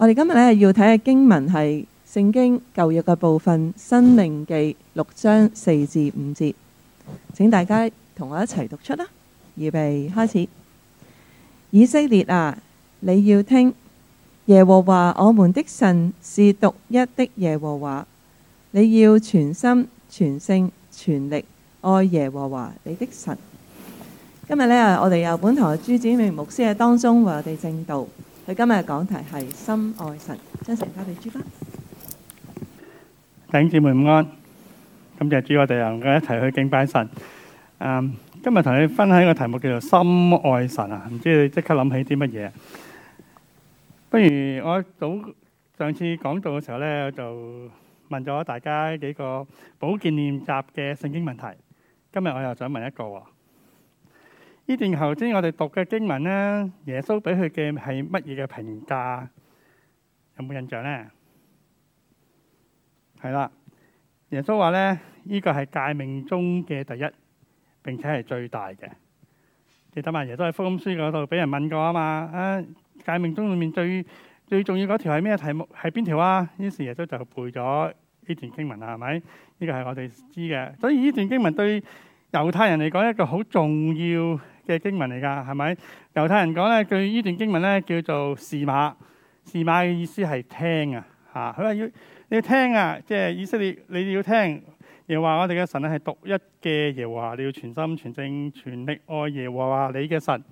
我哋今日要睇嘅經文，係，聖經舊約嘅部分，申命記，六章，四至五節。請大家同我一齊讀出啦。佢今日嘅講題係心愛神，將神交俾朱哥。弟兄姊妹午安，今日主，我哋又一齊去敬拜神。嗯，今日同你分享一個題目叫做心愛神啊，唔知你即刻諗起啲乜嘢？不如我早上次講道嘅時候咧，就問咗大家幾個保健練習嘅聖經問題。今日我又想問一個啊。呢段頭先我哋讀嘅經文咧，耶穌俾佢嘅係乜嘢嘅評價？有冇印象咧？係啦，耶穌話咧，呢個係誡命中嘅第一，並且係最大嘅。記得嘛？耶穌喺福音書嗰度俾人問過啊嘛。啊，誡命中裏面最最重要嗰條係咩題目？係邊條啊？於是耶穌就背咗呢段經文啦，係咪？呢個係我哋知嘅。所以呢段經文對猶太人嚟講一個好重要嘅經文嚟噶，係咪？猶太人講咧，佢呢段經文咧叫做試馬，試馬嘅意思係聽啊，吓佢話要你要聽啊，即係以色列你哋要聽耶華我哋嘅神係獨一嘅耶和華，你要全心全正全力愛耶和華你嘅神。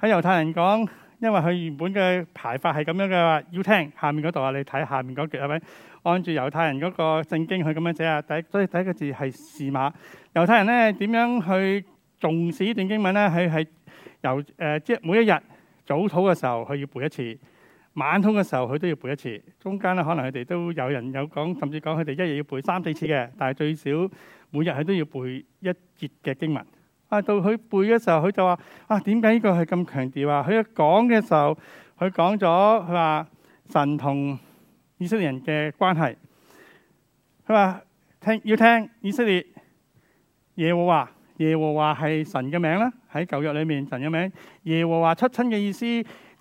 喺猶太人講，因為佢原本嘅排法係咁樣嘅，要聽下面嗰度啊，你睇下面嗰句係咪？按住猶太人嗰個聖經去咁樣寫啊，第所以第一個字係試馬，猶太人咧點樣去？重視呢段經文咧，佢係由誒、呃，即係每一日早禱嘅時候，佢要背一次；晚禱嘅時候，佢都要背一次。中間咧，可能佢哋都有人有講，甚至講佢哋一日要背三四次嘅。但係最少每日佢都要背一節嘅經文。啊，到佢背嘅時候，佢就話：啊，點解呢個係咁強調啊？佢一講嘅時候，佢講咗佢話神同以色列人嘅關係。佢話聽要聽以色列耶和華。耶和華係神嘅名啦，喺舊約裏面神嘅名。耶和華出親嘅意思，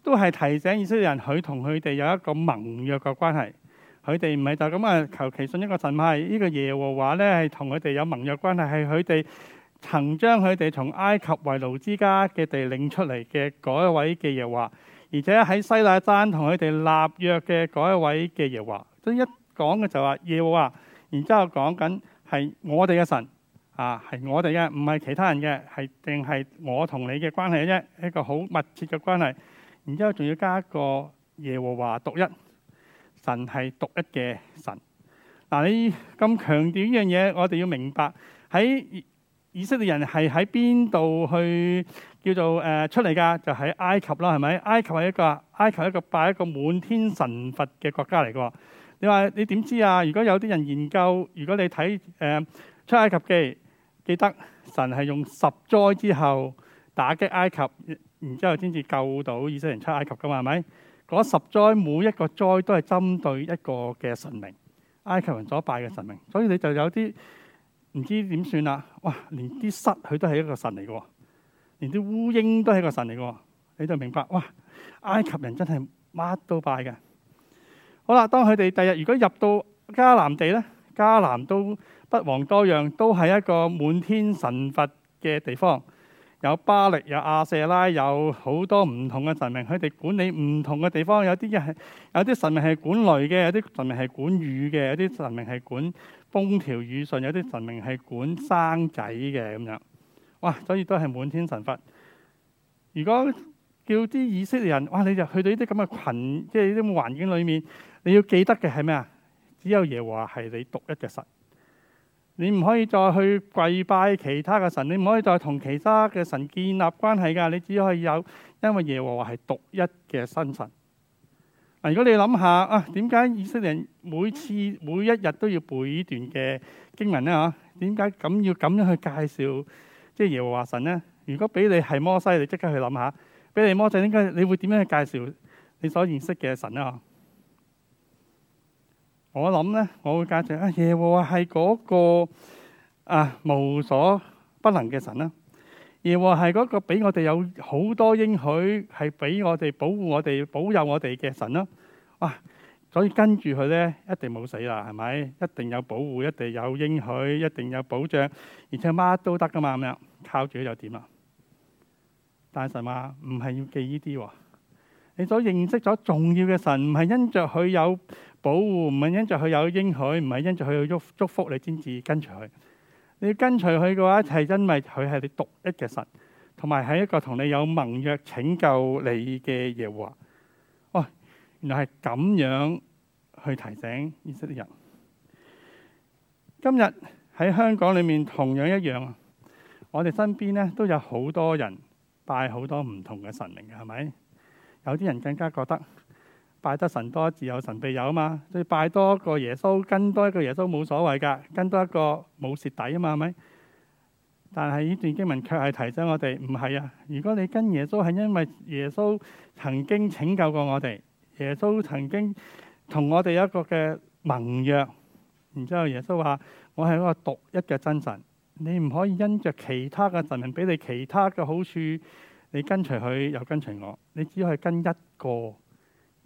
都係提醒以色列人，佢同佢哋有一個盟約嘅關係。佢哋唔係就咁啊，求其信一個神派，係呢個耶和華咧，係同佢哋有盟約關係，係佢哋曾將佢哋從埃及為奴之家嘅地領出嚟嘅嗰一位嘅耶和華，而且喺西奈山同佢哋立約嘅嗰一位嘅耶和華。所以一講嘅就話耶和華，然之後講緊係我哋嘅神。啊，係我哋嘅，唔係其他人嘅，係定係我同你嘅關係啫，一個好密切嘅關係。然之後仲要加一個耶和華獨一神係獨一嘅神。嗱、啊，你咁強調呢樣嘢，我哋要明白喺以色列人係喺邊度去叫做誒、呃、出嚟噶？就喺埃及啦，係咪？埃及係一個埃及一個拜一個滿天神佛嘅國家嚟嘅。你話你點知啊？如果有啲人研究，如果你睇誒、呃、出埃及記。記得神係用十災之後打擊埃及，然之後先至救到以色列人出埃及噶嘛？係咪？嗰十災每一個災都係針對一個嘅神明，埃及人所拜嘅神明。所以你就有啲唔知點算啦。哇！連啲虱佢都係一個神嚟嘅，連啲烏蠅都係一個神嚟嘅。你就明白哇！埃及人真係乜都拜嘅。好啦，當佢哋第日如果入到迦南地咧，迦南都，不王多樣，都係一個滿天神佛嘅地方。有巴力，有亞舍拉，有好多唔同嘅神明。佢哋管理唔同嘅地方。有啲人係有啲神明係管雷嘅，有啲神明係管雨嘅，有啲神明係管風調雨順，有啲神明係管生仔嘅咁樣。哇！所以都係滿天神佛。如果叫啲以色列人哇，你就去到呢啲咁嘅群，即係呢啲環境裏面，你要記得嘅係咩啊？只有耶和華係你獨一嘅神。你唔可以再去跪拜其他嘅神，你唔可以再同其他嘅神建立關係噶，你只可以有，因為耶和華係獨一嘅神。嗱、啊，如果你諗下啊，點解以色列人每次每一日都要背呢段嘅經文咧？吓、啊，點解咁要咁樣去介紹即係耶和華神咧？如果俾你係摩西，你即刻去諗下，俾你摩西，你應該你會點樣去介紹你所認識嘅神咧？我諗咧，我嘅價值啊，耶和華係嗰個啊無所不能嘅神啦，耶和華係嗰個俾我哋有好多應許，係俾我哋保護我哋、保佑我哋嘅神啦。哇，所以跟住佢咧，一定冇死啦，係咪？一定有保護，一定有應許，一定有保障，而且乜都得噶嘛咁樣，靠住佢又點啦。但係神話唔係要記呢啲喎，你所認識咗重要嘅神，唔係因着佢有。保護唔係因著佢有應許，唔係因著佢有祝祝福你先至跟隨佢。你要跟隨佢嘅話，就係因為佢係你獨一嘅神，同埋係一個同你有盟約拯救你嘅耶和華。哦，原來係咁樣去提醒以色列人。今日喺香港裏面同樣一樣，我哋身邊咧都有好多人拜好多唔同嘅神靈嘅，係咪？有啲人更加覺得。拜得神多，自有神庇佑啊嘛！所以拜多一個耶穌，跟多一個耶穌冇所謂噶，跟多一個冇蝕底啊嘛，係咪？但係呢段經文卻係提醒我哋，唔係啊！如果你跟耶穌係因為耶穌曾經拯救過我哋，耶穌曾經同我哋有一個嘅盟約，然之後耶穌話：我係一個獨一嘅真神，你唔可以因着其他嘅神明俾你其他嘅好處，你跟隨佢又跟隨我，你只可以跟一個。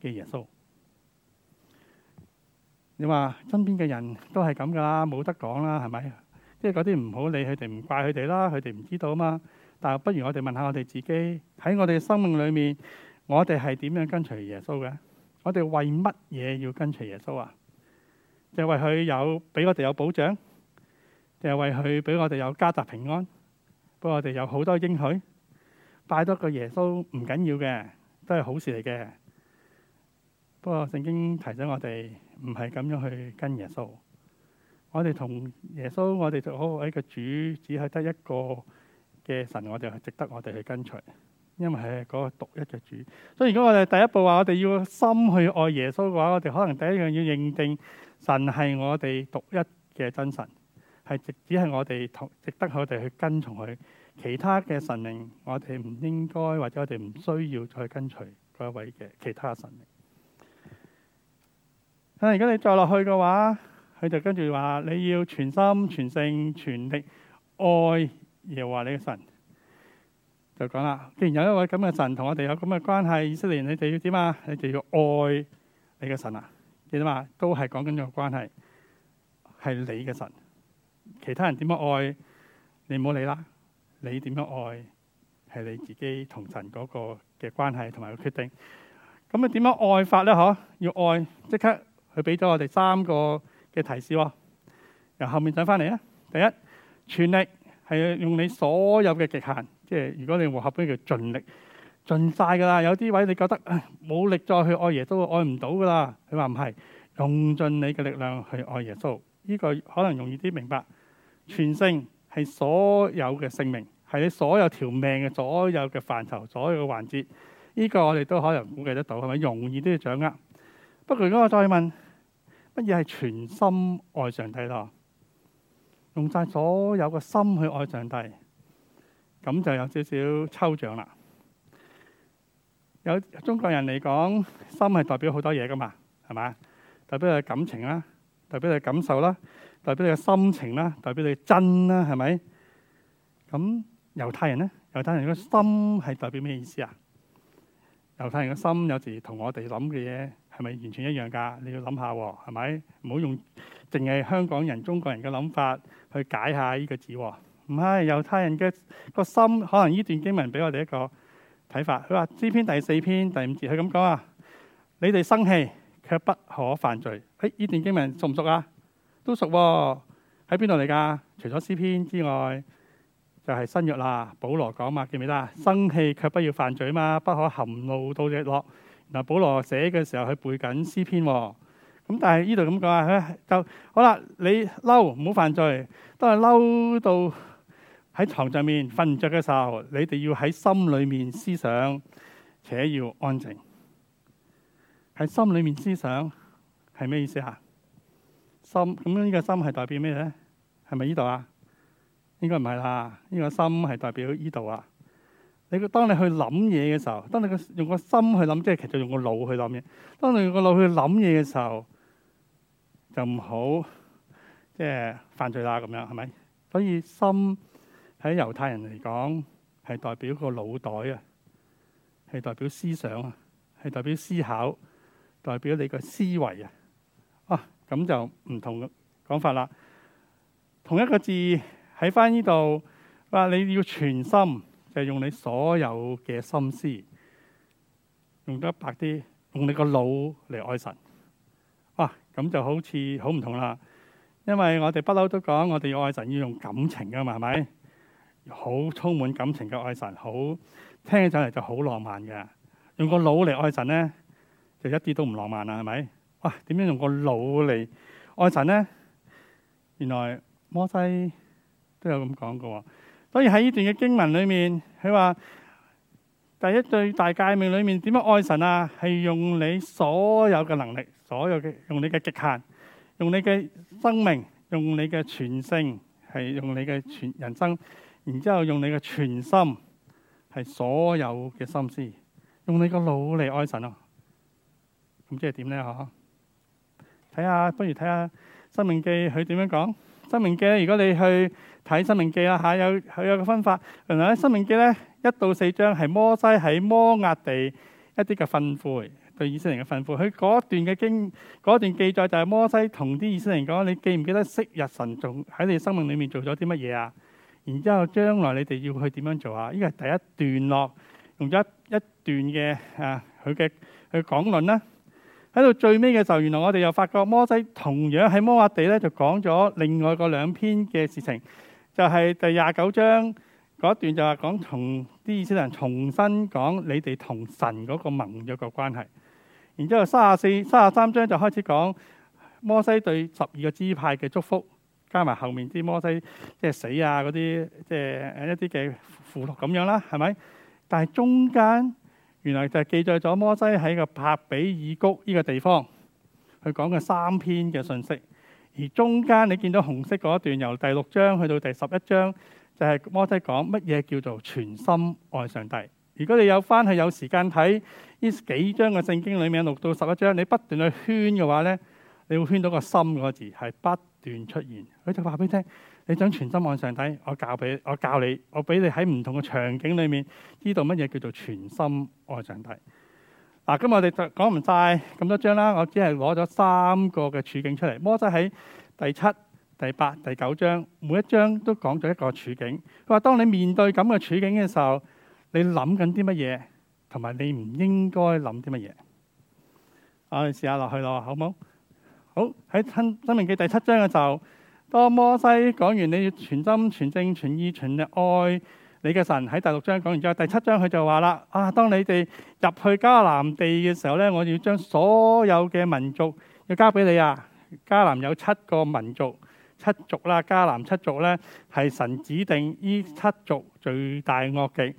嘅耶穌，你話身邊嘅人都係咁噶啦，冇得講啦，係咪？即係嗰啲唔好理佢哋，唔怪佢哋啦，佢哋唔知道啊嘛。但係不如我哋問下我哋自己，喺我哋生命裏面，我哋係點樣跟隨耶穌嘅？我哋為乜嘢要跟隨耶穌啊？就係為佢有俾我哋有保障，就係為佢俾我哋有家宅平安，不過我哋有好多應許，拜多個耶穌唔緊要嘅，都係好事嚟嘅。不過聖經提醒我哋唔係咁樣去跟耶穌。我哋同耶穌，我哋做好一個主，只係得一個嘅神，我哋係值得我哋去跟隨，因為係嗰個獨一嘅主。所以如果我哋第一步話我哋要心去愛耶穌嘅話，我哋可能第一樣要認定神係我哋獨一嘅真神，係只只係我哋同值得我哋去跟從佢。其他嘅神明，我哋唔應該或者我哋唔需要再跟隨嗰一位嘅其他神明。如果你再落去嘅話，佢就跟住話你要全心全性全力愛耶和華你嘅神，就講啦。既然有一位咁嘅神同我哋有咁嘅關係，以色列人你哋要點啊？你哋要，要愛你嘅神啊，記得嘛？都係講緊個關係，係你嘅神。其他人點樣愛你唔好理啦，你點樣愛係你自己同神嗰個嘅關係同埋個決定。咁啊，點樣愛法咧？嗬，要愛即刻。佢俾咗我哋三個嘅提示喎，由後面揾翻嚟啊！第一，全力係用你所有嘅極限，即係如果你和合，呢叫盡力，盡曬噶啦。有啲位你覺得冇力再去愛耶穌，愛唔到噶啦。佢話唔係，用盡你嘅力量去愛耶穌，呢個可能容易啲明白。全性係所有嘅性命，係你所有條命嘅所有嘅範疇，所有嘅環節，呢個我哋都可能估計得到，係咪容易都要掌握？不過如果我再問，乜嘢係全心愛上帝咯？用晒所有嘅心去愛上帝，咁就有少少抽象啦。有中國人嚟講，心係代表好多嘢噶嘛，係咪？代表你嘅感情啦，代表你嘅感受啦，代表你嘅心情啦，代表你嘅真啦，係咪？咁猶太人呢？猶太人個心係代表咩意思啊？猶太人個心有時同我哋諗嘅嘢係咪完全一樣㗎？你要諗下喎，係咪？唔好用淨係香港人、中國人嘅諗法去解下呢個字。唔係猶太人嘅個心，可能呢段經文俾我哋一個睇法。佢話詩篇第四篇第五節，佢咁講啊：你哋生氣卻不可犯罪。咦，呢段經文熟唔熟啊？都熟喎、啊，喺邊度嚟㗎？除咗詩篇之外，就係、是、新約啦。保羅講嘛，記唔記得啊？生氣卻不要犯罪嘛，不可含怒到日落。嗱，保羅寫嘅時候佢背緊詩篇，喎，咁但係呢度咁講啊，就好啦，你嬲唔好犯罪，當係嬲到喺床上面瞓唔着嘅時候，你哋要喺心裏面思想，且要安靜。喺心裏面思想係咩意思啊？心咁呢個心係代表咩咧？係咪呢度啊？應該唔係啦，呢個心係代表呢度啊。你當你去諗嘢嘅時候，當你個用個心去諗，即係其實用個腦去諗嘢。當你用個腦去諗嘢嘅時候，就唔好即係犯罪啦。咁樣係咪？所以心喺猶太人嚟講，係代表個腦袋啊，係代表思想啊，係代表思考，代表你個思維啊。哇、啊，咁就唔同嘅講法啦。同一個字喺翻呢度，話你要全心。就用你所有嘅心思，用得白啲，用你個腦嚟愛神。哇，咁就好似好唔同啦。因為我哋不嬲都講，我哋愛神要用感情噶嘛，係咪？好充滿感情嘅愛神，好聽起上嚟就好浪漫嘅。用個腦嚟愛神咧，就一啲都唔浪漫啦，係咪？哇，點樣用個腦嚟愛神咧？原來摩西都有咁講嘅。所以喺呢段嘅經文裏面，佢話，第一對大誡命裏面，點樣愛神啊？係用你所有嘅能力，所有嘅，用你嘅極限，用你嘅生命，用你嘅全性，係用你嘅全人生，然之後用你嘅全心，係所有嘅心思，用你個腦嚟愛神啊！咁即係點咧？吓，睇下，不如睇下《申命記》佢點樣講《申命記》。如果你去。睇《申命記》啦嚇，有佢有個分法。原來咧，《申命記》咧一到四章係摩西喺摩押地一啲嘅訓誨，對以色列嘅訓誨。佢嗰段嘅經，嗰段記載就係摩西同啲以色列人講：你記唔記得昔日神仲喺你生命裏面做咗啲乜嘢啊？然之後，將來你哋要去點樣做啊？呢個係第一段落，用咗一一段嘅啊，佢嘅佢講論啦。喺到最尾嘅時候，原來我哋又發覺摩西同樣喺摩押地咧，就講咗另外嗰兩篇嘅事情。就係第廿九章嗰段就係講重，啲意思就係重新講你哋同神嗰個盟約個關係，然之後卅四卅三章就開始講摩西對十二個支派嘅祝福，加埋後面啲摩西即係死啊嗰啲即係一啲嘅附錄咁樣啦，係咪？但係中間原來就係記載咗摩西喺個柏比爾谷呢個地方，去講嘅三篇嘅信息。而中間你見到紅色嗰一段，由第六章去到第十一章，就係、是、摩西講乜嘢叫做全心愛上帝。如果你有翻去有時間睇呢幾章嘅聖經裏面六到十一章，你不斷去圈嘅話咧，你會圈到個心個字係不斷出現。佢就話俾你聽，你想全心愛上帝，我教俾我教你，我俾你喺唔同嘅場景裏面知道乜嘢叫做全心愛上帝。嗱，今日我哋就講唔晒咁多章啦，我只係攞咗三個嘅處境出嚟。摩西喺第七、第八、第九章，每一章都講咗一個處境。佢話：當你面對咁嘅處境嘅時候，你諗緊啲乜嘢，同埋你唔應該諗啲乜嘢。我哋試下落去咯，好唔好？好，喺申命記第七章嘅時候，當摩西講完你要全心、全正、全意、全力愛。你嘅神喺第六章講完之後，第七章佢就話啦：啊，當你哋入去迦南地嘅時候咧，我要將所有嘅民族要交俾你啊！迦南有七個民族七族啦，迦南七族咧係神指定呢七族最大惡極，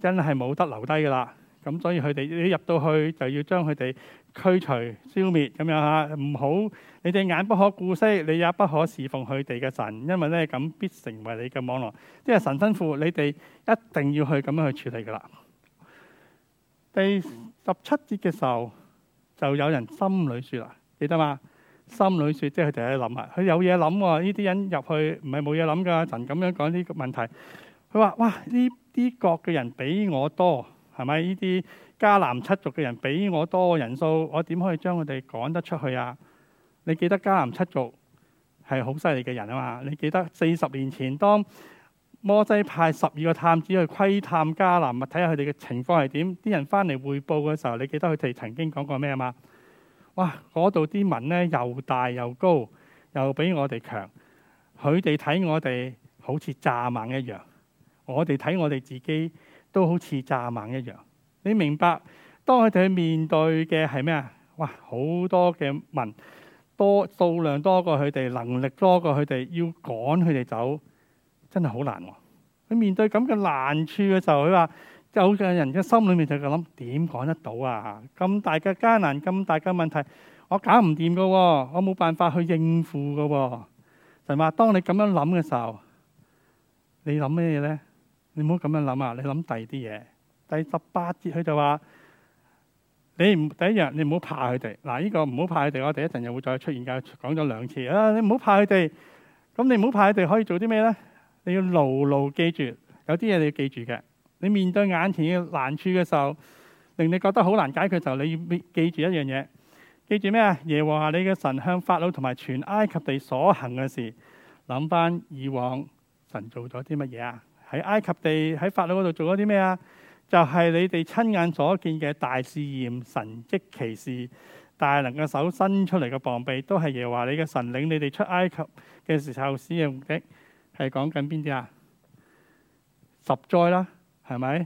真係冇得留低噶啦。咁所以佢哋一入到去就要將佢哋，驅除、消滅咁樣吓，唔好你哋眼不可顧惜，你也不可侍奉佢哋嘅神，因為咧咁必成為你嘅網羅。即係神吩咐你哋一定要去咁樣去處理噶啦。第十七節嘅時候，就有人心裏說啦，記得嘛？心裏說，即係佢哋喺度諗啊，佢有嘢諗喎。呢啲人入去唔係冇嘢諗噶，神咁樣講呢個問題。佢話：哇，呢啲國嘅人比我多，係咪呢啲？迦南七族嘅人比我多嘅人數，我點可以將佢哋趕得出去啊？你記得迦南七族係好犀利嘅人啊嘛？你記得四十年前當摩西派十二個探子去窺探迦南，啊睇下佢哋嘅情況係點？啲人翻嚟匯報嘅時候，你記得佢哋曾經講過咩啊嘛？哇！嗰度啲民咧又大又高，又比我哋強，佢哋睇我哋好似蚱蜢一樣，我哋睇我哋自己都好似蚱蜢一樣。你明白，當佢哋去面對嘅係咩啊？哇，好多嘅民多數量多過佢哋，能力多過佢哋，要趕佢哋走，真係好難、啊。佢面對咁嘅難處嘅時候，佢話有嘅人嘅心裏面就係諗，點趕得到啊？咁大嘅艱難，咁大嘅問題，我搞唔掂噶，我冇辦法去應付噶、啊。神話，當你咁樣諗嘅時候，你諗咩嘢咧？你唔好咁樣諗啊！你諗第二啲嘢。第十八節，佢就話：你唔第一樣，你唔好怕佢哋嗱。呢、呢個唔好怕佢哋，我哋一陣又會再出現㗎。講咗兩次啊，你唔好怕佢哋。咁你唔好怕佢哋，可以做啲咩咧？你要牢牢記住有啲嘢你要記住嘅。你面對眼前嘅難處嘅時候，令你覺得好難解決嘅時候，你要記住一樣嘢，記住咩啊？耶和華你嘅神向法老同埋全埃及地所行嘅事，諗翻以往神做咗啲乜嘢啊？喺埃及地喺法老嗰度做咗啲咩啊？就係你哋親眼所見嘅大試驗、神蹟奇事，大能嘅手伸出嚟嘅膀臂，都係耶和華你嘅神領你哋出埃及嘅時候使用嘅，係講緊邊啲啊？十災啦，係咪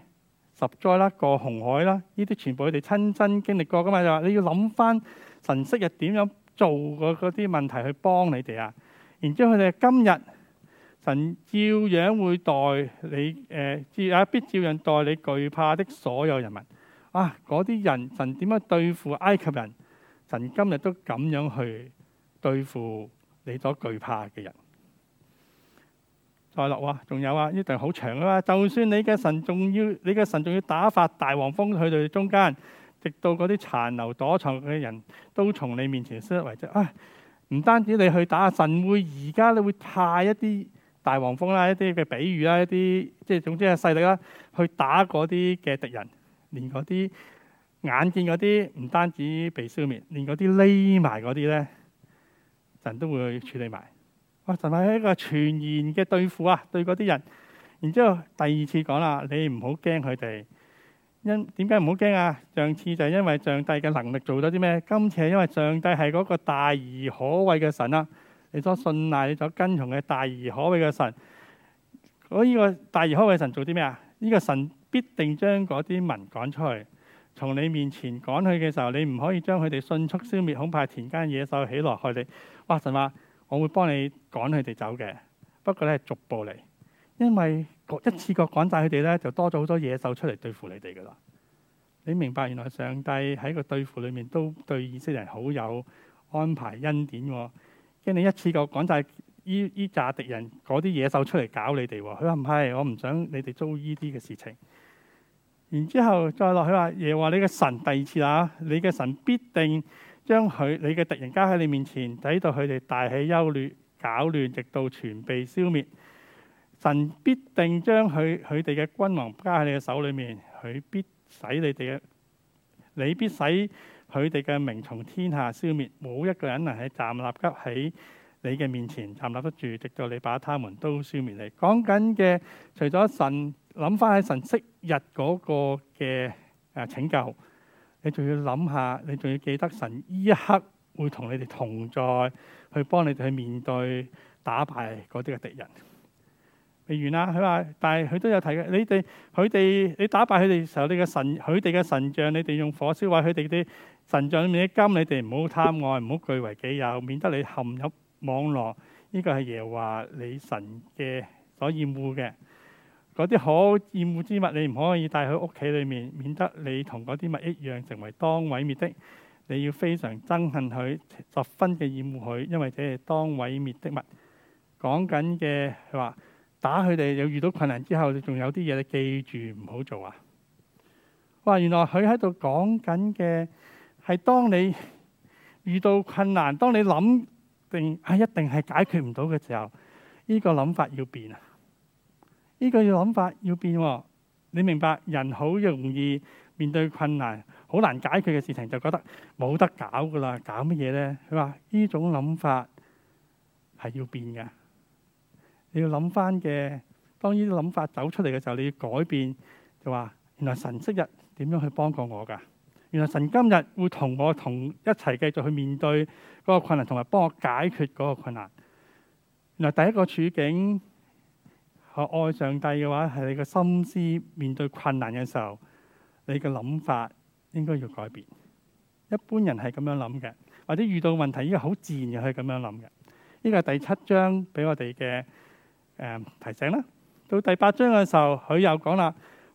十災啦？過紅海啦，呢啲全部佢哋親身經歷過㗎嘛？就話你要諗翻神昔日點樣做嗰啲問題去幫你哋啊？然之後佢哋今日。神照樣會待你，誒、呃、照啊必照樣待你，懼怕的所有人民啊！嗰啲人，神點樣對付埃及人？神今日都咁樣去對付你所懼怕嘅人。再落話、啊，仲有啊，呢段好長啊嘛！就算你嘅神仲要，你嘅神仲要打發大黃蜂去佢中間，直到嗰啲殘留躲藏嘅人都從你面前消失為止啊！唔單止你去打，神會而家你會派一啲。大黃蜂啦，一啲嘅比喻啦，一啲即係總之係勢力啦，去打嗰啲嘅敵人，連嗰啲眼見嗰啲唔單止被消滅，連嗰啲匿埋嗰啲咧，神都會處理埋。哇！神係一個全然嘅對付啊，對嗰啲人。然之後第二次講啦，你唔好驚佢哋。因點解唔好驚啊？上次就係因為上帝嘅能力做咗啲咩？今次係因為上帝係嗰個大而可畏嘅神啊！你所信賴、你所跟從嘅大而可畏嘅神，我、這、呢個大而可畏嘅神做啲咩啊？呢、這個神必定將嗰啲民趕出去，從你面前趕去嘅時候，你唔可以將佢哋迅速消滅，恐怕田間野獸起來害你。哇！神話我會幫你趕佢哋走嘅，不過咧係逐步嚟，因為一次過趕晒佢哋咧，就多咗好多野獸出嚟對付你哋噶啦。你明白原來上帝喺個對付裏面都對以色列人好有安排恩典、哦。驚你一次過趕晒，依依扎敵人嗰啲野獸出嚟搞你哋，佢話唔係，我唔想你哋做依啲嘅事情。然之後再落去話，耶和華你嘅神第二次啊，你嘅神必定將佢你嘅敵人加喺你面前，睇到佢哋大起憂慮、搞亂，直到全被消滅。神必定將佢佢哋嘅君王加喺你嘅手裏面，佢必使你哋嘅，你必使。佢哋嘅名從天下消滅，冇一個人能喺站立急喺你嘅面前站立得住，直到你把他們都消滅。你講緊嘅，除咗神諗翻喺神昔日嗰個嘅誒拯救，你仲要諗下，你仲要記得神依一刻會同你哋同在，去幫你哋去面對打敗嗰啲嘅敵人。未完啦，佢話，但係佢都有提及，你哋佢哋你打敗佢哋嘅時候，你嘅神，佢哋嘅神像，你哋用火燒毀佢哋啲。神像裏面啲金，你哋唔好貪愛，唔好據為己有，免得你陷入網絡。呢個係耶和華你神嘅所厭惡嘅嗰啲好厭惡之物，你唔可以帶去屋企裏面，免得你同嗰啲物一樣成為當毀滅的。你要非常憎恨佢，十分嘅厭惡佢，因為這係當毀滅的物。講緊嘅佢話打佢哋，有遇到困難之後，你仲有啲嘢，你記住唔好做啊。哇！原來佢喺度講緊嘅。係當你遇到困難，當你諗定啊、哎、一定係解決唔到嘅時候，呢個諗法要變啊！呢個諗法要變，你明白，人好容易面對困難，好難解決嘅事情，就覺得冇得搞噶啦，搞乜嘢咧？佢話呢種諗法係要變噶，你要諗翻嘅。當呢啲諗法走出嚟嘅時候，你要改變，就話原來神昔日點樣去幫過我噶。原來神今日會同我同一齊繼續去面對嗰個困難，同埋幫我解決嗰個困難。原來第一個處境，係愛上帝嘅話，係你嘅心思面對困難嘅時候，你嘅諗法應該要改變。一般人係咁樣諗嘅，或者遇到問題應該好自然嘅去咁樣諗嘅。呢個係第七章俾我哋嘅誒提醒啦。到第八章嘅時候，佢又講啦。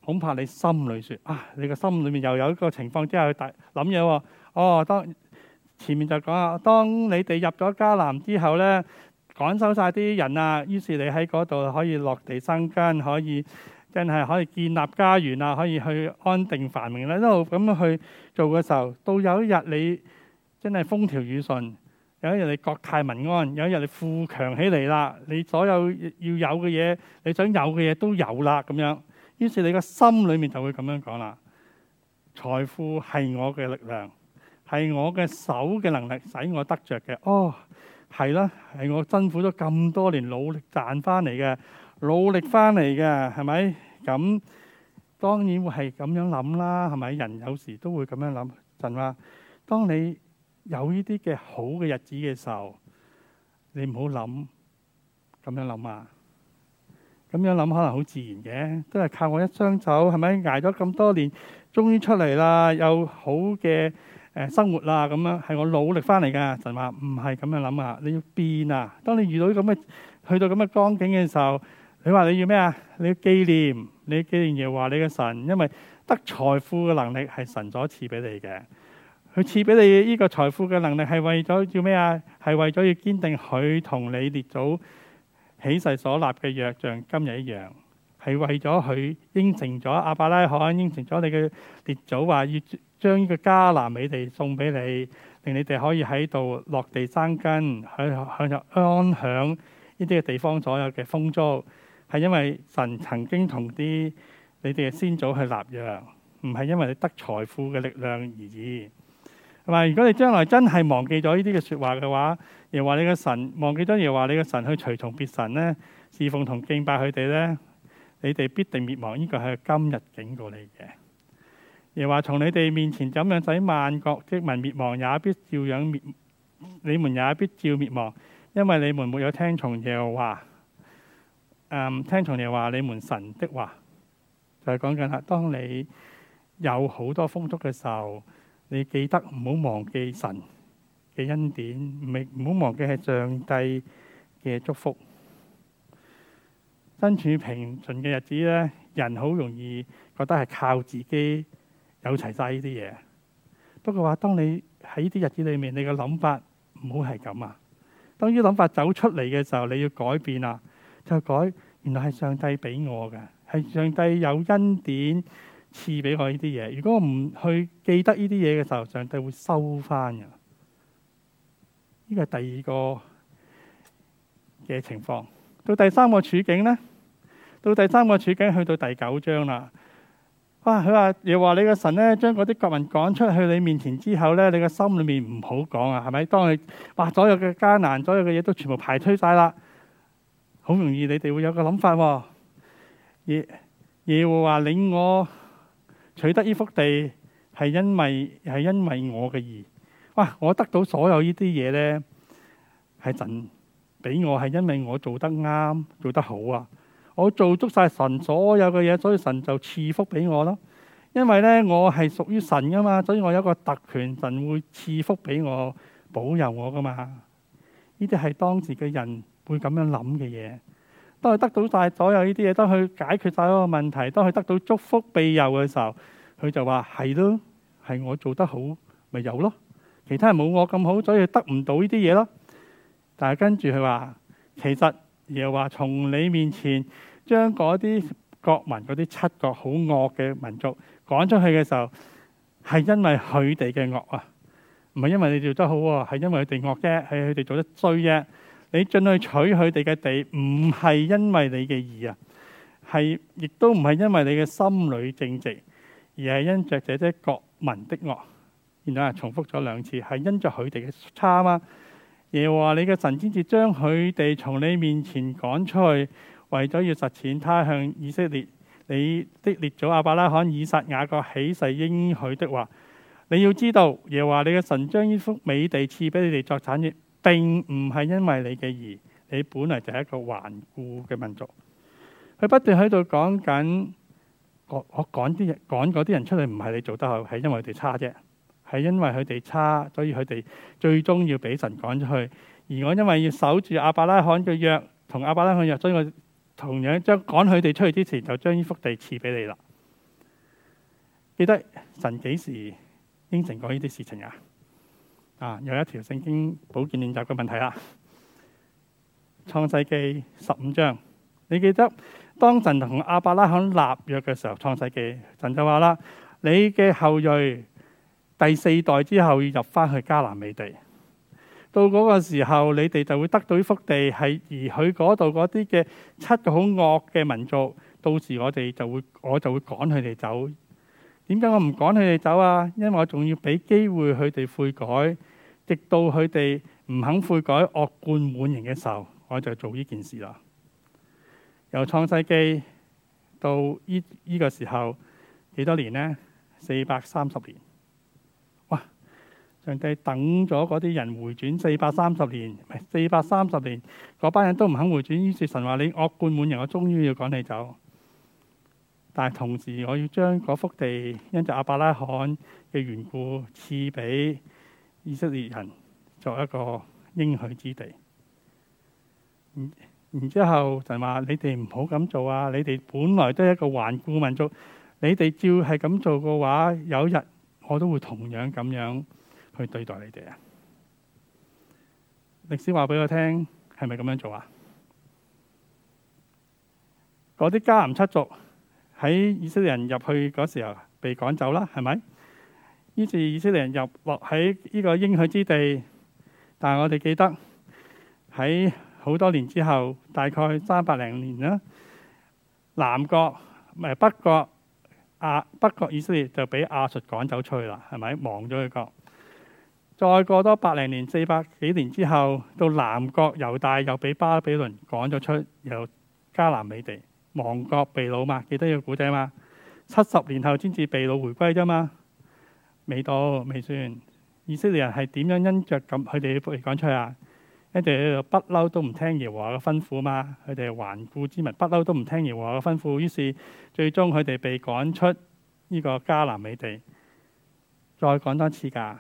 恐怕你心裏說啊，你個心裏面又有一個情況之後，去大諗嘢喎。哦，當前面就講啊，當你哋入咗迦南之後咧，趕走曬啲人啊，於是你喺嗰度可以落地生根，可以真係可以建立家園啊，可以去安定繁榮啦。一路咁樣去做嘅時候，到有一日你真係風調雨順，有一日你國泰民安，有一日你富強起嚟啦，你所有要有嘅嘢，你想有嘅嘢都有啦，咁樣。於是你嘅心裏面就會咁樣講啦，財富係我嘅力量，係我嘅手嘅能力使我得着嘅。哦，係啦，係我辛苦咗咁多年努力賺翻嚟嘅，努力翻嚟嘅，係咪？咁當然會係咁樣諗啦，係咪？人有時都會咁樣諗。陣啦，當你有呢啲嘅好嘅日子嘅時候，你唔好諗，咁樣諗啊！咁樣諗可能好自然嘅，都係靠我一雙手，係咪？捱咗咁多年，終於出嚟啦，有好嘅誒生活啦，咁樣係我努力翻嚟嘅。神話唔係咁樣諗啊，你要變啊！當你遇到啲咁嘅去到咁嘅光景嘅時候，你話你要咩啊？你要紀念，你要紀念耶和華你嘅神，因為得財富嘅能力係神所賜俾你嘅，佢賜俾你呢個財富嘅能力係為咗叫咩啊？係為咗要堅定佢同你列祖。起誓所立嘅約，像今日一樣，係為咗佢應承咗亞伯拉罕，應承咗你嘅列祖話，要將呢個迦南美地送俾你，令你哋可以喺度落地生根，享受安享呢啲嘅地方所有嘅豐足。係因為神曾經同啲你哋嘅先祖去立約，唔係因為你得財富嘅力量而已。同埋如果你將來真係忘記咗呢啲嘅説話嘅話，耶和華你嘅神忘記咗，耶和華你嘅神去隨從別神咧，侍奉同敬拜佢哋咧，你哋必定滅亡。呢個係今日警告你嘅。耶和華從你哋面前怎樣使萬國的民滅亡，也必照樣滅你們，也必照滅亡，因為你們沒有聽從耶和華，誒，聽從耶和華，你們神的話。就係講緊吓，當你有好多豐足嘅時候，你記得唔好忘記神。嘅恩典，唔好忘記係上帝嘅祝福。身處平順嘅日子咧，人好容易覺得係靠自己有齊晒呢啲嘢。不過話，當你喺呢啲日子裏面，你嘅諗法唔好係咁啊。當呢諗法走出嚟嘅時候，你要改變啊。就改，原來係上帝俾我嘅，係上帝有恩典賜俾我呢啲嘢。如果我唔去記得呢啲嘢嘅時候，上帝會收翻嘅。呢個係第二個嘅情況，到第三個處境呢？到第三個處境去到第九章啦。哇、啊！佢話耶和華你個神呢，將嗰啲國民趕出去你面前之後呢，你個心裏面唔好講啊，係咪？當你把所有嘅艱難、所有嘅嘢都全部排除晒啦，好容易你哋會有個諗法喎、哦，耶和華領我取得呢幅地係因為係因，因為我嘅義。啊、我得到所有呢啲嘢呢，係神俾我，係因為我做得啱做得好啊。我做足晒神所有嘅嘢，所以神就賜福俾我咯。因為呢，我係屬於神噶嘛，所以我有一個特權，神會賜福俾我，保佑我噶嘛。呢啲係當時嘅人會咁樣諗嘅嘢。當佢得到晒所有呢啲嘢，當佢解決晒嗰個問題，當佢得到祝福庇佑嘅時候，佢就話係咯，係我做得好咪有咯。其他人冇我咁好，所以得唔到呢啲嘢咯。但係跟住佢話，其實又話從你面前將嗰啲國民嗰啲七個好惡嘅民族趕出去嘅時候，係因為佢哋嘅惡啊，唔係因為你做得好啊，係因為佢哋惡啫，係佢哋做得衰啫。你進去取佢哋嘅地，唔係因為你嘅義啊，係亦都唔係因為你嘅心裏正直，而係因著這些國民的惡。重複咗兩次，係因着佢哋嘅差嘛。耶和華你嘅神先至將佢哋從你面前趕出去，為咗要實踐他向以色列你的列祖亞伯拉罕、以撒、雅各起誓應許的話。你要知道，耶和華你嘅神將呢幅美地賜俾你哋作產業，並唔係因為你嘅義，你本來就係一個頑固嘅民族。佢不斷喺度講緊我我趕啲趕啲人出嚟唔係你做得好，係因為佢哋差啫。係因為佢哋差，所以佢哋最終要俾神趕出去。而我因為要守住亞伯拉罕嘅約，約，同亞伯拉罕約，所以我同樣將趕佢哋出去之前，就將呢幅地賜俾你啦。記得神幾時應承過呢啲事情啊？啊，有一條聖經保健練習嘅問題啦，《創世記》十五章，你記得當神同亞伯拉罕立約嘅時候，《創世記》神就話啦：，你嘅後裔。第四代之後要入翻去加南美地，到嗰個時候，你哋就會得到呢幅地係而佢嗰度嗰啲嘅七個好惡嘅民族，到時我哋就會我就會趕佢哋走。點解我唔趕佢哋走啊？因為我仲要俾機會佢哋悔改，直到佢哋唔肯悔改、惡貫滿盈嘅時候，我就做呢件事啦。由創世紀到呢呢個時候幾多年呢？四百三十年。上帝等咗嗰啲人回轉四百三十年，唔係四百三十年，嗰班人都唔肯回轉。於是神話你惡貫滿盈，我終於要趕你走。但係同時，我要將嗰幅地因着亞伯拉罕嘅緣故賜俾以色列人作一個應許之地。然然之後神話你哋唔好咁做啊！你哋本來都係一個頑固民族，你哋照係咁做嘅話，有一日我都會同樣咁樣去對待你哋啊！歷史話俾我聽，係咪咁樣做啊？嗰啲迦南七族喺以色列人入去嗰時候被趕走啦，係咪？於是以色列人入落喺呢個應許之地，但係我哋記得喺好多年之後，大概三百零年啦。南國唔係北國亞、啊、北國以色列就俾亞述趕走出去啦，係咪亡咗？佢個再過多百零年，四百幾年之後，到南國猶大又俾巴比倫趕咗出，由加南美地亡國被擄嘛？記得呢個古仔嘛？七十年後先至被擄回歸啫嘛？未到，未算。以色列人係點樣因着咁？佢哋嚟講出啊，佢哋不嬲都唔聽耶和華嘅吩咐嘛？佢哋係頑固之民，不嬲都唔聽耶和華嘅吩咐，於是最終佢哋被趕出呢個加南美地。再講多次㗎。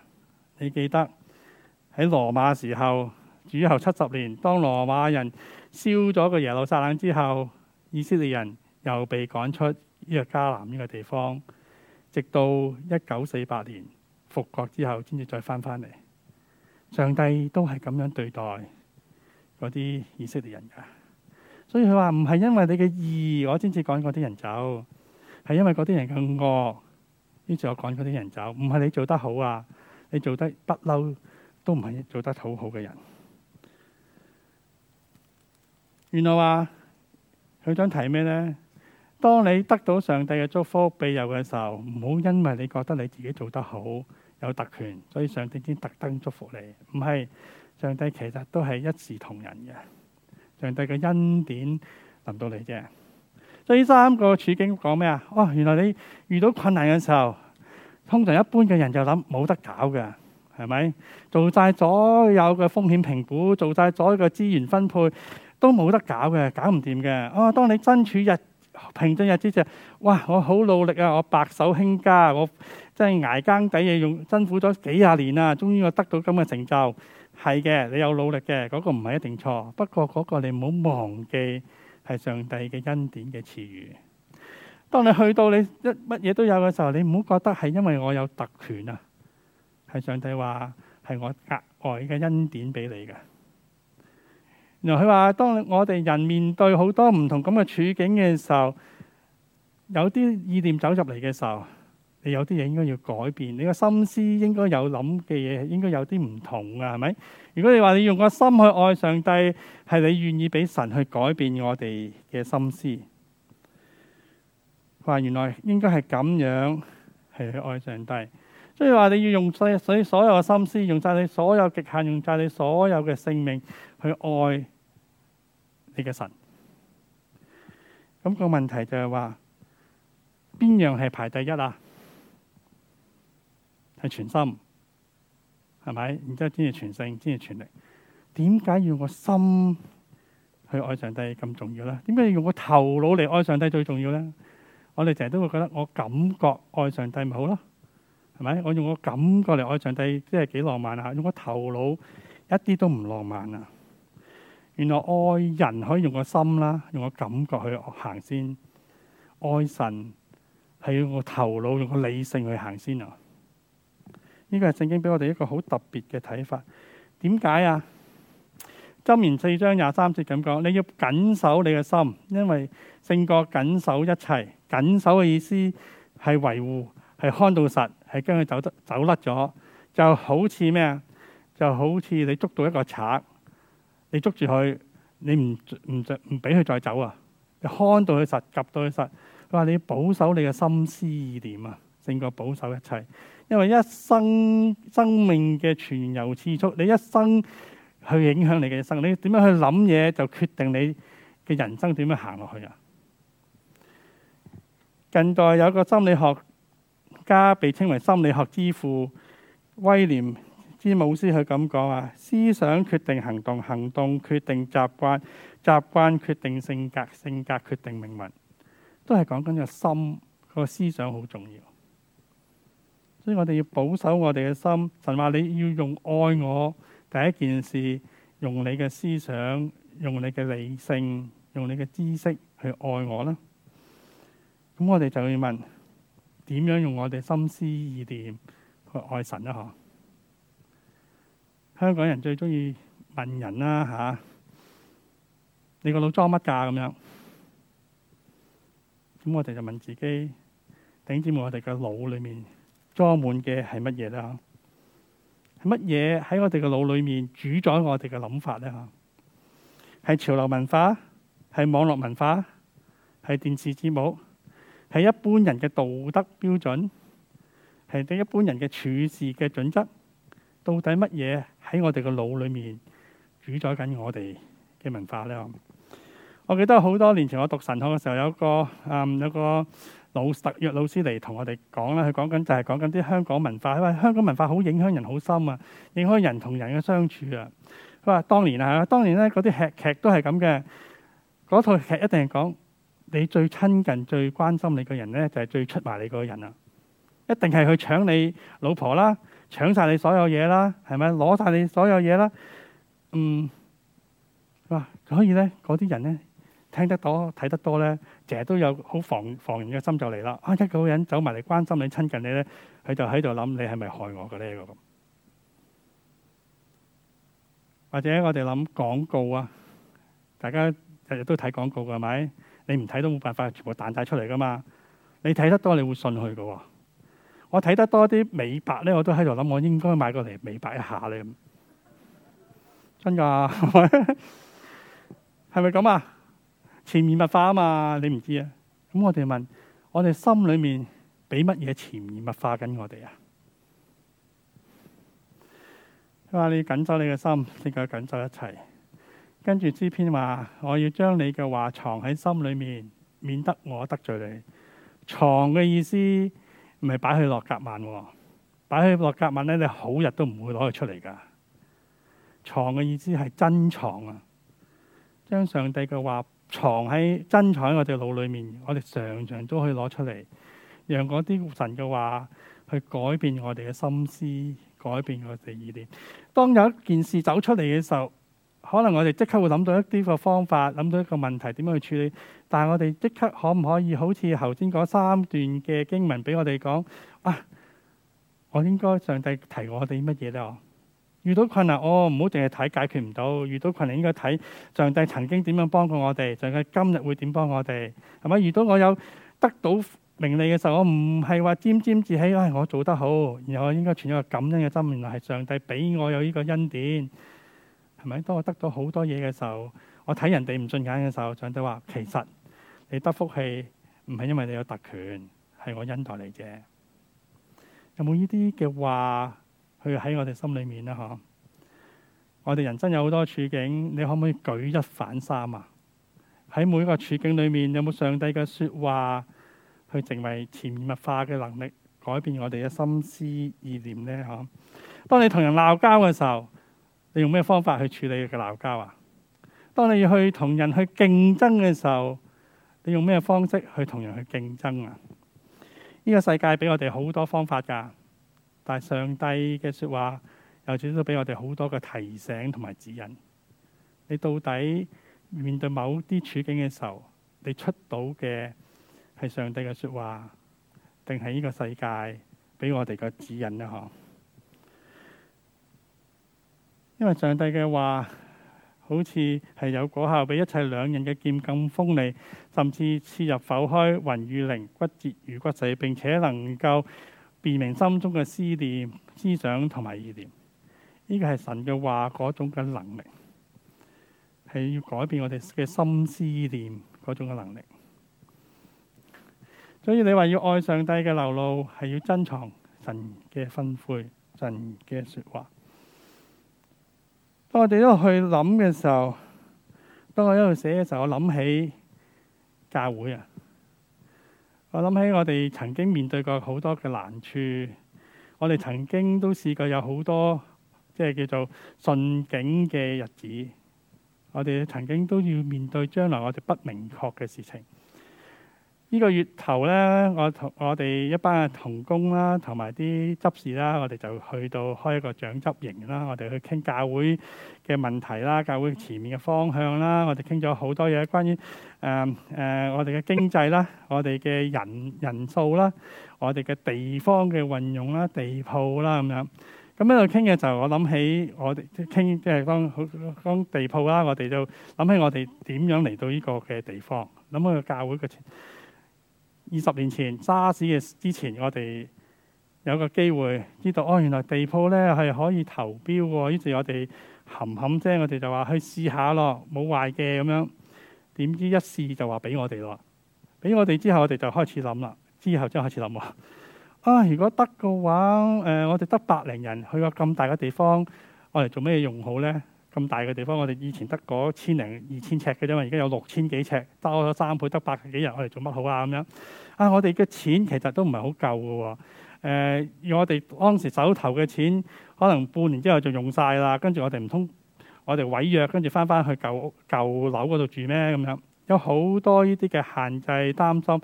你記得喺羅馬時候主後七十年，當羅馬人燒咗個耶路撒冷之後，以色列人又被趕出呢個迦南呢個地方，直到一九四八年復國之後，先至再返返嚟。上帝都係咁樣對待嗰啲以色列人㗎，所以佢話唔係因為你嘅義我先至趕嗰啲人走，係因為嗰啲人嘅惡，於是我趕嗰啲人走，唔係你做得好啊。你做得不嬲，都唔係做得好好嘅人。原來話佢想提咩呢？當你得到上帝嘅祝福庇佑嘅時候，唔好因為你覺得你自己做得好，有特權，所以上帝先特登祝福你。唔係，上帝其實都係一視同仁嘅，上帝嘅恩典臨到你啫。所以三個處境講咩啊？哦，原來你遇到困難嘅時候。通常一般嘅人就諗冇得搞嘅，係咪？做晒所有嘅風險評估，做晒所有嘅資源分配，都冇得搞嘅，搞唔掂嘅。哦，當你爭取日平均日資時，哇！我好努力啊，我白手興家，我真係捱更抵夜用，辛苦咗幾廿年啊，終於我得到咁嘅成就。係嘅，你有努力嘅，嗰個唔係一定錯。不過嗰個你唔好忘記係上帝嘅恩典嘅賜予。當你去到你一乜嘢都有嘅時候，你唔好覺得係因為我有特權啊，係上帝話係我格外嘅恩典俾你嘅。原來佢話，當我哋人面對好多唔同咁嘅處境嘅時候，有啲意念走入嚟嘅時候，你有啲嘢應該要改變，你個心思應該有諗嘅嘢，應該有啲唔同啊，係咪？如果你話你用個心去愛上帝，係你願意俾神去改變我哋嘅心思。話原來應該係咁樣，係去愛上帝，所以話你要用晒，所所有心思用晒，你所有極限用晒，你所有嘅性命去愛你嘅神。咁個問題就係話，邊樣係排第一啊？係全心，係咪？然之後先至全性，先至全力。點解要個心去愛上帝咁重要咧？點解要用個頭腦嚟愛上帝最重要咧？我哋成日都會覺得我感覺愛上帝唔好咯，係咪？我用個感覺嚟愛上帝，即係幾浪漫啊！用個頭腦一啲都唔浪漫啊！原來愛人可以用個心啦，用個感覺去行先；愛神係用個頭腦用個理性去行先啊！呢、這個係聖經俾我哋一個好特別嘅睇法。點解啊？箴言四章廿三節咁講，你要緊守你嘅心，因為勝過緊守一切。緊守嘅意思係維護，係看到實，係驚佢走得走甩咗，就好似咩啊？就好似你捉到一個賊，你捉住佢，你唔唔唔俾佢再走啊！你看到佢實，及到佢實。佢話你要保守你嘅心思意念啊，勝過保守一切，因為一生生命嘅全遊次數，你一生去影響你嘅一生。你點樣去諗嘢，就決定你嘅人生點樣行落去啊！近代有個心理學家被稱為心理學之父威廉詹姆斯，佢咁講啊：思想決定行動，行動決定習慣，習慣決定性格，性格決定命運，都係講緊個心、個思想好重要。所以我哋要保守我哋嘅心。神話你要用愛我第一件事，用你嘅思想，用你嘅理性，用你嘅知識去愛我啦。咁我哋就要問點樣用我哋心思意念去愛神啦？嗬、啊。香港人最中意問人啦、啊、嚇、啊，你個腦裝乜㗎咁樣？咁、啊、我哋就問自己，頂尖我哋嘅腦裡面裝滿嘅係乜嘢咧？嚇，係乜嘢喺我哋嘅腦裡面主宰我哋嘅諗法咧？嚇，係潮流文化，係網絡文化，係電視節目。係一般人嘅道德標準，係對一般人嘅處事嘅準則，到底乜嘢喺我哋嘅腦裏面主宰緊我哋嘅文化咧？我記得好多年前我讀神學嘅時候，有個誒有個老特約老師嚟同我哋講啦，佢講緊就係講緊啲香港文化，因為香港文化好影響人好深啊，影響人同人嘅相處啊。佢話當年啊，當年咧嗰啲劇劇都係咁嘅，嗰套劇一定係講。你最親近、最關心你嘅人咧，就係最出賣你嗰個人啦。一定係去搶你老婆啦，搶晒你所有嘢啦，係咪攞晒你所有嘢啦？嗯，哇！所以咧，嗰啲人咧，聽得多、睇得多咧，成日都有好防防人嘅心就嚟啦。啊，一個人走埋嚟關心你、親近你咧，佢就喺度諗你係咪害我嘅咧？呢個。或者我哋諗廣告啊，大家日日都睇廣告嘅，係咪？你唔睇都冇辦法，全部彈晒出嚟噶嘛？你睇得多，你會信佢噶。我睇得多啲美白咧，我都喺度諗，我應該買過嚟美白一下你咁真噶，係 咪？係咪咁啊？潛移默化啊嘛，你唔知啊？咁我哋問，我哋心裏面俾乜嘢潛移默化緊我哋啊？佢話你緊守你嘅心，先夠緊守一切。跟住詩篇話，我要將你嘅話藏喺心裏面，免得我得罪你。藏嘅意思唔係擺去落夾萬，擺去落夾萬咧，你好日都唔會攞佢出嚟噶。藏嘅意思係珍藏啊，將上帝嘅話藏喺珍藏喺我哋腦裏面，我哋常常都可以攞出嚟，讓嗰啲神嘅話去改變我哋嘅心思，改變我哋意念。當有一件事走出嚟嘅時候，可能我哋即刻會諗到一啲個方法，諗到一個問題點樣去處理。但係我哋即刻可唔可以好似頭先嗰三段嘅經文俾我哋講啊？我應該上帝提我哋乜嘢咧？遇到困難，我唔好淨係睇解決唔到。遇到困難應該睇上帝曾經點樣幫過我哋，上帝今日會點幫我哋？係咪遇到我有得到名利嘅時候，我唔係話沾沾自喜，我、哎、我做得好，然後我應該存一個感恩嘅心，原來係上帝俾我有呢個恩典。係咪？當我得到好多嘢嘅時候，我睇人哋唔順眼嘅時候，上帝話：「其實你得福氣唔係因為你有特權，係我恩待你啫。」有冇呢啲嘅話去喺我哋心裏面呢？嗬，我哋人生有好多處境，你可唔可以舉一反三啊？喺每一個處境裏面，有冇上帝嘅說話去成為潛移默化嘅能力，改變我哋嘅心思意念呢？嗬，當你同人鬧交嘅時候。你用咩方法去處理嘅鬧交啊？當你要去同人去競爭嘅時候，你用咩方式去同人去競爭啊？呢個世界俾我哋好多方法噶，但係上帝嘅說話又轉咗俾我哋好多嘅提醒同埋指引。你到底面對某啲處境嘅時候，你出到嘅係上帝嘅說話，定係呢個世界俾我哋嘅指引呢？嗬？因為上帝嘅話好似係有果效，比一切兩刃嘅劍更鋒利，甚至刺入剖開魂與靈、骨節與骨髓，並且能夠辨明心中嘅思念、思想同埋意念。呢個係神嘅話嗰種嘅能力，係要改變我哋嘅心思念嗰種嘅能力。所以你話要愛上帝嘅流露，係要珍藏神嘅吩咐、神嘅說話。當我哋一路去諗嘅時候，當我一路寫嘅時候，我諗起教會啊，我諗起我哋曾經面對過好多嘅難處，我哋曾經都試過有好多即係叫做順境嘅日子，我哋曾經都要面對將來我哋不明確嘅事情。呢個月頭咧，我同我哋一班嘅同工啦，同埋啲執事啦，我哋就去到開一個長執營啦。我哋去傾教會嘅問題啦，教會前面嘅方向啦，我哋傾咗好多嘢，關於誒誒我哋嘅經濟啦，我哋嘅人人數啦，我哋嘅地方嘅運用啦，地鋪啦咁樣。咁喺度傾嘅就我諗起我哋傾即係當講地鋪啦，我哋就諗起我哋點樣嚟到呢個嘅地方，諗個教會嘅。二十年前沙士嘅之前，我哋有個機會知道哦，原來地鋪咧係可以投標喎。於是，我哋冚冚聲，我哋就話去試下咯，冇壞嘅咁樣。點知一試就話俾我哋咯，俾我哋之後，我哋就開始諗啦。之後就開始諗話啊，如果得嘅話，誒、呃，我哋得百零人去個咁大嘅地方，我哋做咩用好咧？咁大嘅地方，我哋以前得嗰千零二千尺嘅，咋嘛，而家有六千幾尺，多咗三倍，得百幾人，我哋做乜好啊？咁樣啊，我哋嘅錢其實都唔係好夠嘅喎。誒、呃，我哋當時手頭嘅錢可能半年之後就用晒啦，跟住我哋唔通我哋毀約，跟住翻翻去舊舊樓嗰度住咩？咁樣有好多呢啲嘅限制，擔心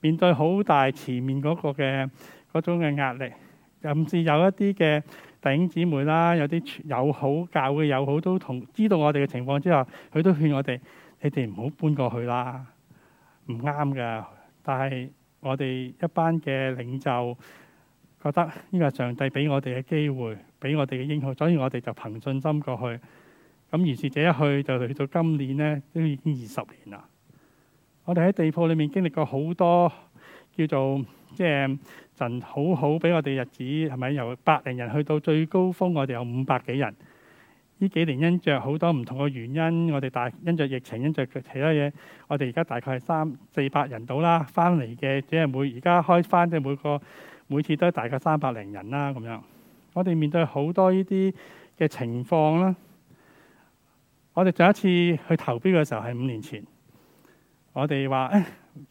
面對好大前面嗰個嘅嗰種嘅壓力，甚至有一啲嘅。弟兄姊妹啦，有啲友好教會友好都同知道我哋嘅情況之下，佢都勸我哋：你哋唔好搬過去啦，唔啱噶。但係我哋一班嘅領袖覺得呢個係上帝俾我哋嘅機會，俾我哋嘅應許，所以我哋就憑信心過去。咁於是這一去就去到今年呢，都已經二十年啦。我哋喺地鋪裏面經歷過好多叫做即係。神好好俾我哋日子，係咪由百零人去到最高峰，我哋有五百幾人。呢幾年因着好多唔同嘅原因，我哋大因着疫情，因着其他嘢。我哋而家大概係三四百人到啦，翻嚟嘅只係每而家開翻，即係每個每次都係大概三百零人啦咁樣。我哋面對好多呢啲嘅情況啦。我哋再一次去投標嘅時候係五年前，我哋話。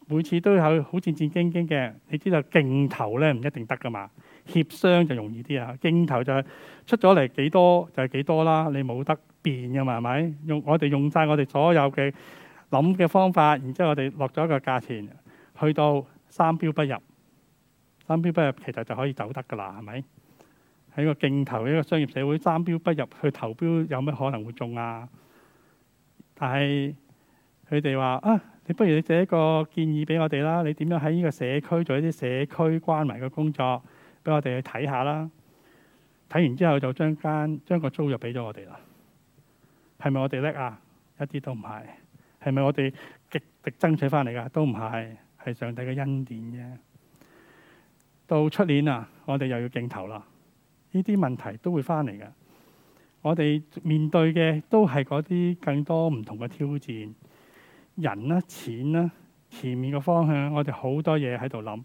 每次都有好戰戰兢兢嘅，你知道競投咧唔一定得噶嘛，協商就容易啲啊。競投就係出咗嚟幾多就係幾多啦，你冇得變噶嘛，係咪？用我哋用晒我哋所有嘅諗嘅方法，然之後我哋落咗一個價錢，去到三標不入，三標不入其實就可以走得噶啦，係咪？喺個競投一個商業社會，三標不入去投標有咩可能會中啊？但係佢哋話啊～你不如你借一個建議俾我哋啦。你點樣喺呢個社區做一啲社區關懷嘅工作，俾我哋去睇下啦。睇完之後就將間將個租約俾咗我哋啦。係咪我哋叻啊？一啲都唔係。係咪我哋極力爭取翻嚟噶？都唔係，係上帝嘅恩典啫。到出年啊，我哋又要競投啦。呢啲問題都會翻嚟嘅。我哋面對嘅都係嗰啲更多唔同嘅挑戰。人啦、啊、錢啦、啊、前面嘅方向，我哋好多嘢喺度諗。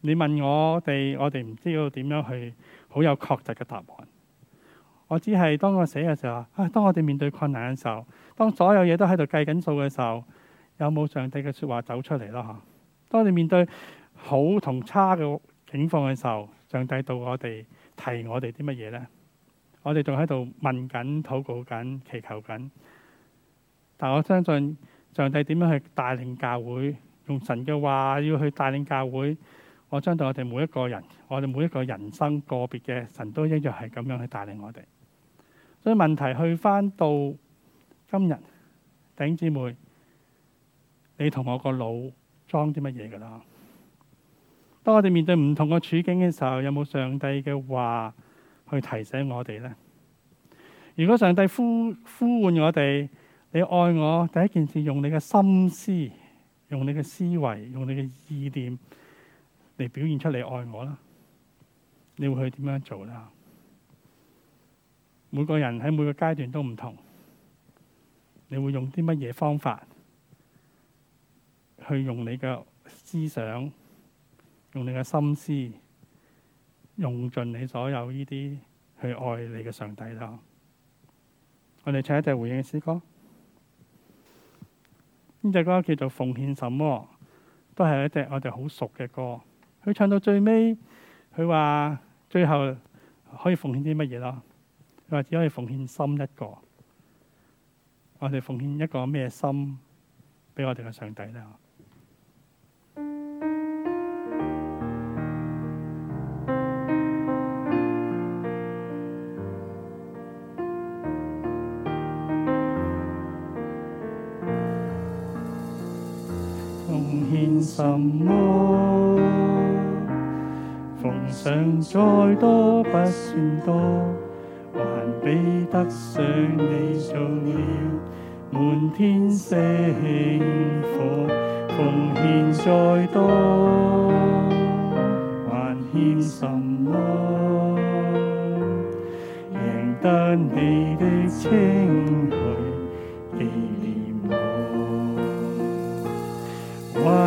你問我哋，我哋唔知道點樣去好有確實嘅答案。我只係當我寫嘅時候，啊，當我哋面對困難嘅時候，當所有嘢都喺度計緊數嘅時候，有冇上帝嘅説話走出嚟咯？嚇！當你面對好同差嘅境況嘅時候，上帝到我哋提我哋啲乜嘢呢？我哋仲喺度問緊、禱告緊、祈求緊。但我相信。上帝點樣去帶領教會？用神嘅話要去帶領教會。我將對我哋每一個人，我哋每一個人生個別嘅神都一樣係咁樣去帶領我哋。所以問題去返到今日，弟兄姊妹，你同我個腦裝啲乜嘢㗎喇？當我哋面對唔同嘅處境嘅時候，有冇上帝嘅話去提醒我哋呢？如果上帝呼呼喚我哋？你愛我，第一件事，用你嘅心思，用你嘅思維，用你嘅意念嚟表現出你愛我啦。你會去點樣做啦？每個人喺每個階段都唔同，你會用啲乜嘢方法去用你嘅思想，用你嘅心思，用盡你所有呢啲去愛你嘅上帝啦。我哋唱一隻回應詩歌。呢隻歌叫做《奉獻什麼》，都係一隻我哋好熟嘅歌。佢唱到最尾，佢話最後可以奉獻啲乜嘢啦？佢話只可以奉獻心一個。我哋奉獻一個咩心俾我哋嘅上帝咧？什麼？奉上再多不算多，還比得上你做了滿天星火。奉獻再多，還欠什麼？贏得你的青。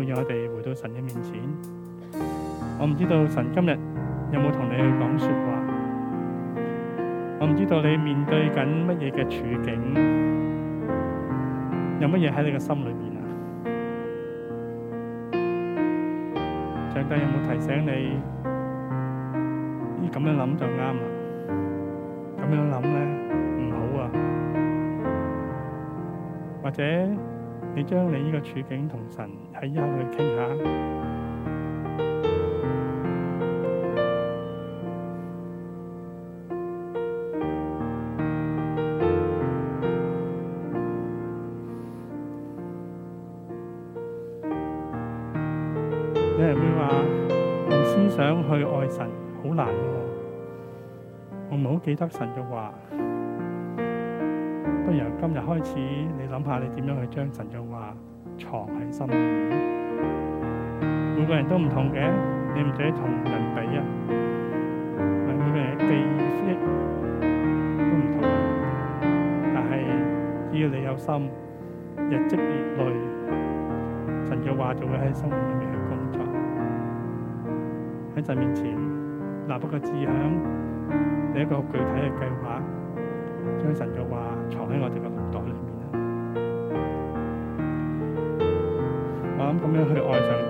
會讓我哋回到神嘅面前。我唔知道神今日有冇同你去講說話。我唔知道你面對緊乜嘢嘅處境，有乜嘢喺你嘅心裏面啊？上帝有冇提醒你？咁樣諗就啱啦，咁樣諗咧唔好啊。或者？你將你呢個處境同神喺一去傾下。有人會話用思想去愛神好難，啊，我唔好記得神嘅話。由今日開始，你諗下你點樣去將神嘅話藏喺心裏面。每個人都唔同嘅，你唔使同人比啊，每個人嘅記憶都唔同。但係只要你有心，日積月累，神嘅話就會喺生活裏面去工作。喺神面前，立一個志向，你一個具體嘅計劃，將神嘅話。藏喺我哋個腦袋裏面，我諗咁樣去愛上。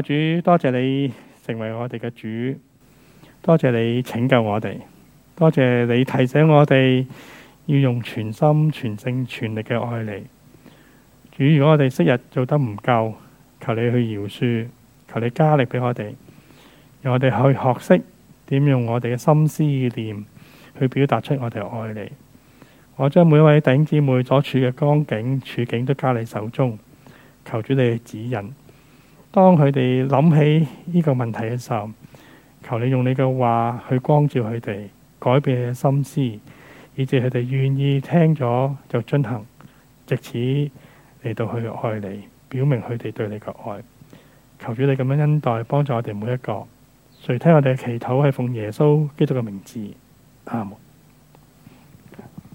主多謝你成為我哋嘅主，多謝你拯救我哋，多謝你提醒我哋要用全心、全性、全力嘅愛你。主，如果我哋昔日做得唔夠，求你去饒恕，求你加力俾我哋，讓我哋去學識點用我哋嘅心思意念去表達出我哋愛你。我將每位弟兄姊妹所處嘅光景處境都交你手中，求主你指引。當佢哋諗起呢個問題嘅時候，求你用你嘅話去光照佢哋，改變佢哋心思，以至佢哋願意聽咗就進行，藉此嚟到去愛你，表明佢哋對你嘅愛。求主你咁樣恩待，幫助我哋每一個。垂聽我哋嘅祈禱係奉耶穌基督嘅名字。阿門。